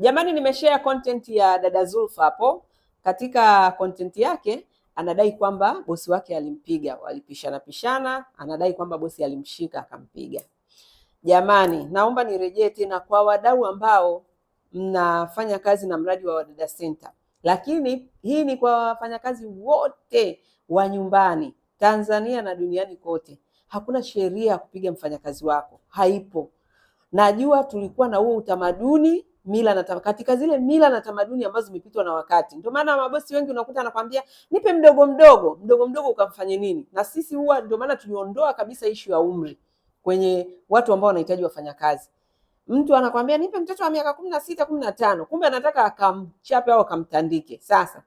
Jamani, nimeshare content ya dada Zulfa hapo. Katika content yake anadai kwamba bosi wake alimpiga, walipishana pishana, anadai kwamba bosi alimshika akampiga. Jamani, naomba nirejee tena kwa wadau ambao mnafanya kazi na mradi wa Wadada Center, lakini hii ni kwa wafanyakazi wote wa nyumbani Tanzania na duniani kote. Hakuna sheria ya kupiga mfanyakazi wako, haipo. Najua tulikuwa na huo utamaduni mila na katika zile mila na tamaduni ambazo zimepitwa na wakati. Ndio maana mabosi wengi unakuta anakwambia nipe mdogo mdogo mdogo mdogo, ukamfanye nini? Na sisi huwa ndio maana tuliondoa kabisa ishu ya umri kwenye watu ambao wanahitaji wafanyakazi. Mtu anakwambia nipe mtoto wa miaka kumi na sita kumi na tano kumbe anataka akamchape au akamtandike. Sasa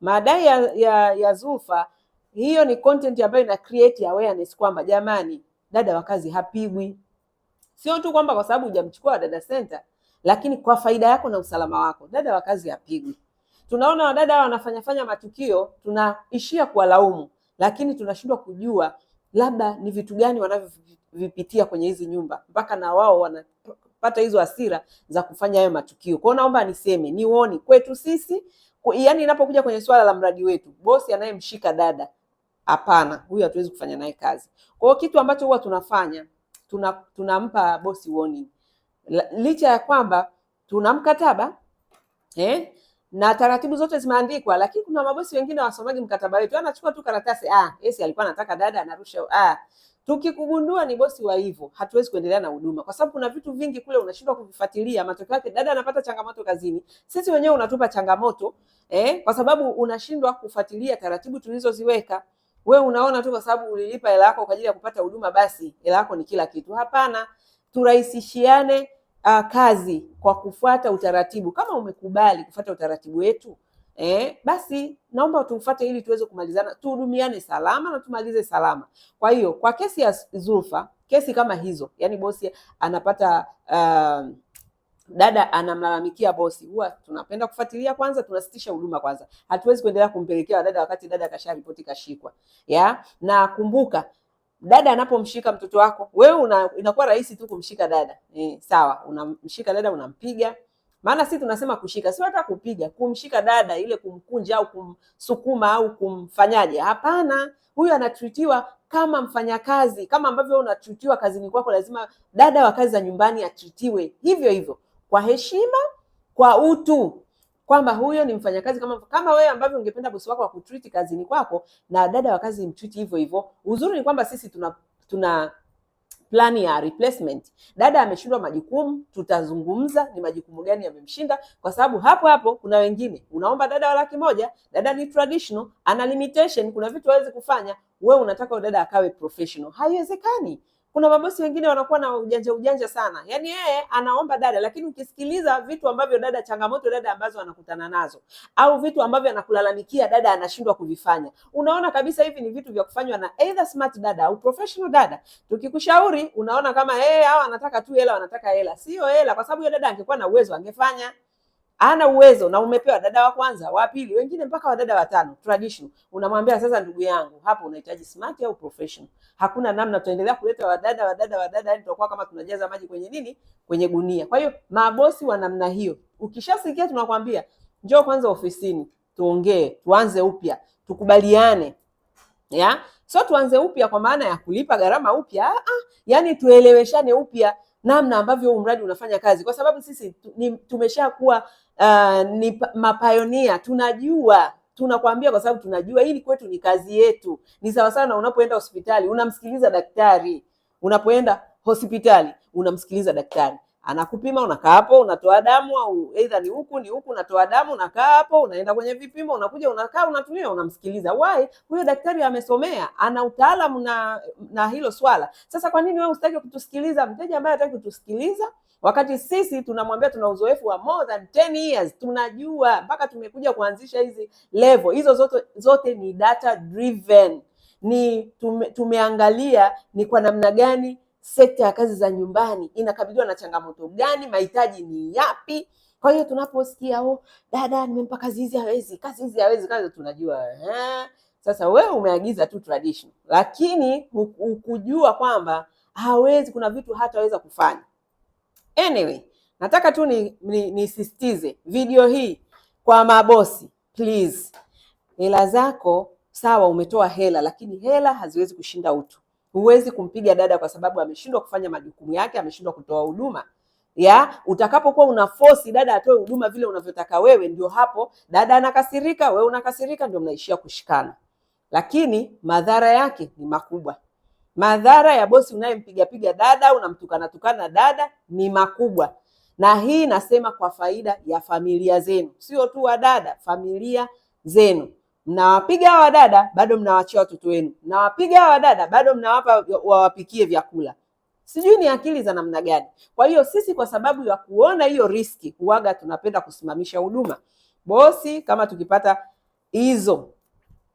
madai ya, ya, ya Zulfa hiyo ni content ambayo ina create awareness kwamba jamani, dada wa kazi hapigwi, sio tu kwamba kwa sababu hujamchukua dada center lakini kwa faida yako na usalama wako. Dada wa kazi apigwi. Tunaona wadada wanafanyafanya matukio, tunaishia kuwalaumu, lakini tunashindwa kujua labda ni vitu gani wanavyovipitia kwenye hizi nyumba mpaka na wao wanapata hizo hasira za kufanya hayo matukio. Kwao naomba niseme, nioni kwetu sisi, yani inapokuja kwenye swala la mradi wetu, bosi anayemshika dada, hapana, huyu hatuwezi kufanya naye kazi. Kwa hiyo kitu ambacho huwa tunafanya tuna, tunampa bosi warning licha ya kwamba tuna mkataba eh, na taratibu zote zimeandikwa, lakini kuna mabosi wengine wasomaji mkataba wetu, anachukua tu karatasi ah, yes, alikuwa anataka dada anarusha ah. Tukikugundua ni bosi wa hivyo, hatuwezi kuendelea na huduma, kwa sababu kuna vitu vingi kule unashindwa kuvifuatilia. Matokeo yake dada anapata changamoto kazini, sisi wenyewe unatupa changamoto eh, kwa sababu unashindwa kufuatilia taratibu tulizoziweka. We unaona tu kwa sababu ulilipa hela yako kwa ajili ya kupata huduma, basi hela yako ni kila kitu. Hapana, turahisishiane uh, kazi kwa kufuata utaratibu. Kama umekubali kufuata utaratibu wetu eh, basi naomba tumfuate ili tuweze kumalizana, tuhudumiane salama na tumalize salama. Kwa hiyo kwa kesi ya Zulfa, kesi kama hizo, yani bosi anapata uh, dada anamlalamikia bosi, huwa tunapenda kufuatilia kwanza, tunasitisha huduma kwanza. Hatuwezi kuendelea kumpelekea dada wakati dada ripoti kashikwa, ya na kumbuka dada anapomshika mtoto wako wewe, inakuwa rahisi tu kumshika dada e, sawa, unamshika dada unampiga. Maana si tunasema kushika, sio hata kupiga, kumshika dada ile kumkunja au kumsukuma au kumfanyaje? Hapana, huyu anatritiwa kama mfanyakazi, kama ambavyo unatritiwa kazini kwako, lazima dada wa kazi za nyumbani atritiwe hivyo hivyo, kwa heshima, kwa utu kwamba huyo ni mfanyakazi kama kama wewe ambavyo ungependa bosi wako akutreat kazini kwako, na dada wa kazi mtreat hivyo hivyo. Uzuri ni kwamba sisi tuna tuna plani ya replacement. Dada ameshindwa majukumu, tutazungumza ni majukumu gani yamemshinda, kwa sababu hapo hapo kuna wengine unaomba dada wa laki moja, dada ni traditional, ana limitation, kuna vitu hawezi kufanya. Wewe unataka dada akawe professional, haiwezekani kuna mabosi wengine wanakuwa na ujanja ujanja sana, yaani yeye anaomba dada, lakini ukisikiliza vitu ambavyo dada, changamoto dada ambazo anakutana nazo au vitu ambavyo anakulalamikia dada anashindwa kuvifanya, unaona kabisa hivi ni vitu vya kufanywa na either smart dada au professional dada. Tukikushauri unaona kama yeye, eh, hey, au anataka tu hela, wanataka hela, sio hela, kwa sababu hiyo dada angekuwa na uwezo angefanya ana uwezo na umepewa dada wa kwanza, wa pili, wengine mpaka wadada watano traditional, unamwambia sasa, ndugu yangu, hapo unahitaji smart au professional. Hakuna namna, tutaendelea kuleta wadada wadada wadada, yani tutakuwa kama tunajaza maji kwenye nini, kwenye gunia. Kwa hiyo mabosi wa namna hiyo, ukishasikia tunakwambia njoo kwanza ofisini tuongee, tuanze upya, tukubaliane ya so tuanze upya kwa maana ya kulipa gharama upya, ah, ah. yani tueleweshane upya namna ambavyo huu mradi unafanya kazi, kwa sababu sisi tumeshakuwa uh, ni mapayonia, tunajua tunakwambia kwa sababu tunajua hili kwetu ni kazi yetu. Ni sawa sana, unapoenda hospitali unamsikiliza daktari, unapoenda hospitali unamsikiliza daktari anakupima unakaa hapo, unatoa damu au aidha ni huku ni huku, unatoa damu, unakaa hapo, unaenda kwenye vipimo, unakuja unakaa, unatumia unamsikiliza. Why? Huyo daktari amesomea, ana utaalamu na na hilo swala. Sasa kwa nini wewe usitaki kutusikiliza mteja ambaye hataki kutusikiliza, wakati sisi tunamwambia tuna uzoefu wa more than 10 years, tunajua mpaka tumekuja kuanzisha hizi level. Hizo zote zote ni data driven, ni tume, tumeangalia ni kwa namna gani sekta ya kazi za nyumbani inakabiliwa na changamoto gani, mahitaji ni yapi. Kwa hiyo tunaposikia oh, dada nimempa kazi hizi hawezi, kazi hizi hawezi, kazi tunajua ha? Eh, sasa wewe umeagiza tu traditional, lakini hukujua kwamba hawezi, kuna vitu hataweza kufanya. Anyway, nataka tu nisisitize ni, ni video hii kwa mabosi please. Hela zako sawa, umetoa hela, lakini hela haziwezi kushinda utu. Huwezi kumpiga dada kwa sababu ameshindwa kufanya majukumu yake, ameshindwa kutoa huduma ya utakapokuwa una force dada atoe huduma vile unavyotaka wewe, ndio hapo dada anakasirika, wewe unakasirika, ndio mnaishia kushikana, lakini madhara yake ni makubwa. Madhara ya bosi unayempigapiga dada, unamtukanatukana dada ni makubwa, na hii nasema kwa faida ya familia zenu, sio tu wa dada, familia zenu mnawapiga hawa dada bado mnawachia watoto wenu, mnawapiga hawa dada bado mnawapa wawapikie vyakula. Sijui ni akili za namna gani? Kwa hiyo sisi, kwa sababu ya kuona hiyo riski, huaga tunapenda kusimamisha huduma bosi, kama tukipata hizo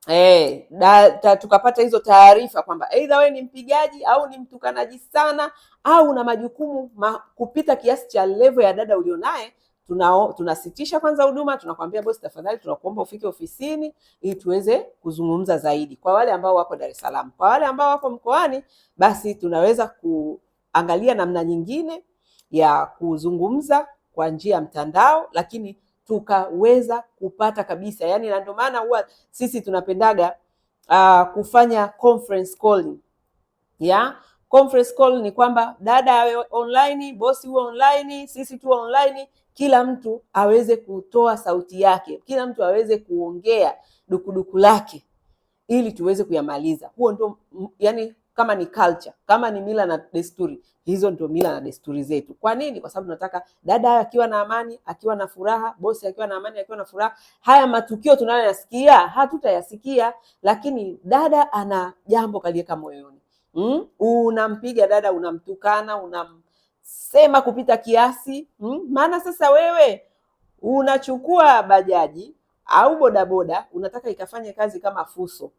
Hey, eh, da, ta, tukapata hizo taarifa kwamba aidha wewe ni mpigaji au ni mtukanaji sana au una majukumu ma, kupita kiasi cha level ya dada ulionaye, tunao tunasitisha kwanza huduma, tunakwambia bosi, tafadhali tunakuomba ufike ofisini ili tuweze kuzungumza zaidi, kwa wale ambao wako Dar es Salaam. Kwa wale ambao wako mkoani, basi tunaweza kuangalia namna nyingine ya kuzungumza kwa njia ya mtandao, lakini tukaweza kupata kabisa, yani, na ndio maana huwa sisi tunapendaga uh, kufanya conference calling ya conference call ni kwamba dada awe online, bosi huwe online, sisi tuwe online kila mtu aweze kutoa sauti yake, kila mtu aweze kuongea dukuduku lake, ili tuweze kuyamaliza. Huo ndo yani, kama ni culture, kama ni mila na desturi, hizo ndio mila na desturi zetu. Kwa nini? Kwa sababu tunataka dada akiwa na amani, akiwa na furaha, bosi akiwa na amani, akiwa na furaha. Haya matukio tunayoyasikia hatutayasikia, lakini dada ana jambo kaliweka moyoni. Mm? Unampiga dada, unamtukana, unam sema kupita kiasi hmm? Maana sasa wewe unachukua bajaji au bodaboda, unataka ikafanye kazi kama fuso,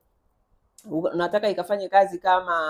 unataka ikafanye kazi kama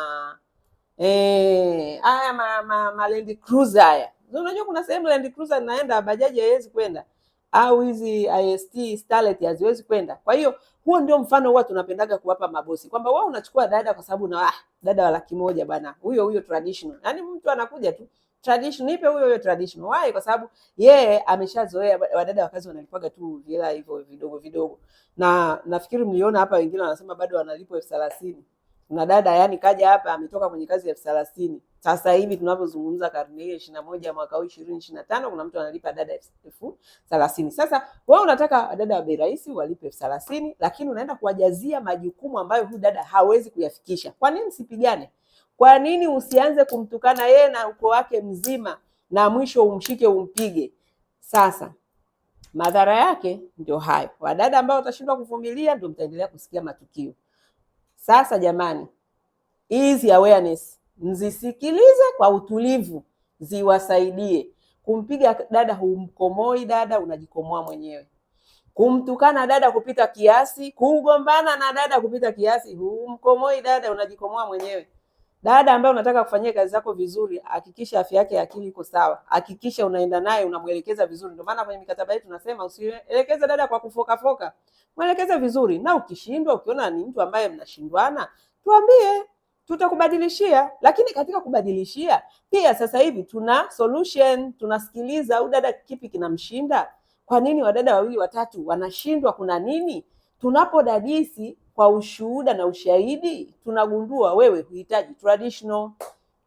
eh, haya ma, ma, ma Land Cruiser haya. Unajua kuna sehemu Land Cruiser inaenda, bajaji haiwezi kwenda au hizi ist starlet haziwezi kwenda. Kwa hiyo huo ndio mfano huwa tunapendaga kuwapa mabosi kwamba wao unachukua dada kwa sababu na ah, dada wa laki moja bana, huyo huyo traditional, yaani mtu anakuja tu tradition nipe huyo huyo tradition Why? Kwa sababu yeye ameshazoea, wadada wa kazi wanalipaga tu hela hivyo vidogo vidogo, na nafikiri mliona hapa wengine wanasema bado wanalipwa elfu thelathini na dada yani kaja hapa ametoka kwenye kazi elfu thelathini sasa hivi tunavyozungumza, karne hiyo ishirini na moja mwaka huu ishirini ishirini na tano kuna mtu analipa dada elfu thelathini Sasa wewe unataka dada wa bei rahisi walipe elfu thelathini lakini unaenda kuwajazia majukumu ambayo huyu dada hawezi kuyafikisha. Kwa nini msipigane? Kwa nini usianze kumtukana yeye na ukoo wake mzima na mwisho umshike umpige? Sasa madhara yake ndio hayo. Wadada ambao watashindwa kuvumilia ndio mtaendelea kusikia matukio. Sasa jamani, hizi awareness mzisikilize kwa utulivu, ziwasaidie. Kumpiga dada humkomoi dada, unajikomoa mwenyewe. Kumtukana dada kupita kiasi, kugombana na dada kupita kiasi humkomoi dada, unajikomoa mwenyewe. Dada ambaye unataka kufanyia kazi zako vizuri, hakikisha afya yake ya akili iko sawa, hakikisha unaenda naye unamwelekeza vizuri. Ndio maana kwenye mikataba yetu tunasema usielekeze dada kwa kufokafoka, mwelekeze vizuri, na ukishindwa, ukiona ni mtu ambaye mnashindwana, tuambie tutakubadilishia. Lakini katika kubadilishia pia, sasa hivi tuna solution, tunasikiliza au dada kipi kinamshinda, kwa nini wadada wawili watatu wanashindwa, kuna nini? Tunapodadisi kwa ushuhuda na ushahidi tunagundua wewe huhitaji traditional.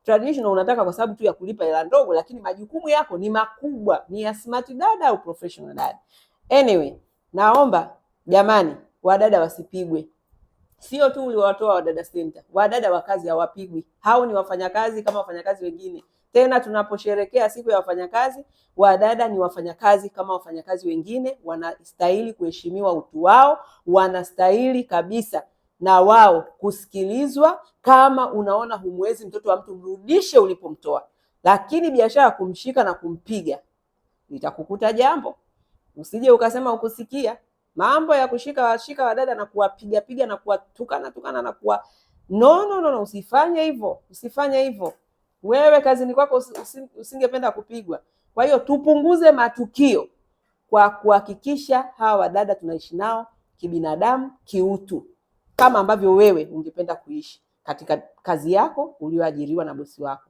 Traditional unataka kwa sababu tu ya kulipa hela ndogo, lakini majukumu yako ni makubwa. Ni ya smart dada au professional dada? Anyway, naomba jamani, wadada wasipigwe. Sio tu uliwatoa wadada center, wadada wa kazi hawapigwi. Hao ni wafanyakazi kama wafanyakazi wengine. Tena tunaposherekea siku ya wafanyakazi, wadada ni wafanyakazi kama wafanyakazi wengine, wanastahili kuheshimiwa utu wao, wanastahili kabisa na wao kusikilizwa. Kama unaona humwezi mtoto wa mtu, mrudishe ulipomtoa, lakini biashara ya kumshika na kumpiga itakukuta jambo. Usije ukasema ukusikia mambo ya kushika washika wadada na kuwapigapiga na kuwatukana tukana na kuwa no, no, no, no, usifanye hivyo, usifanye hivyo wewe kazini kwako usingependa kupigwa. Kwa hiyo tupunguze matukio kwa kuhakikisha hawa wadada tunaishi nao kibinadamu, kiutu, kama ambavyo wewe ungependa kuishi katika kazi yako uliyoajiriwa na bosi wako.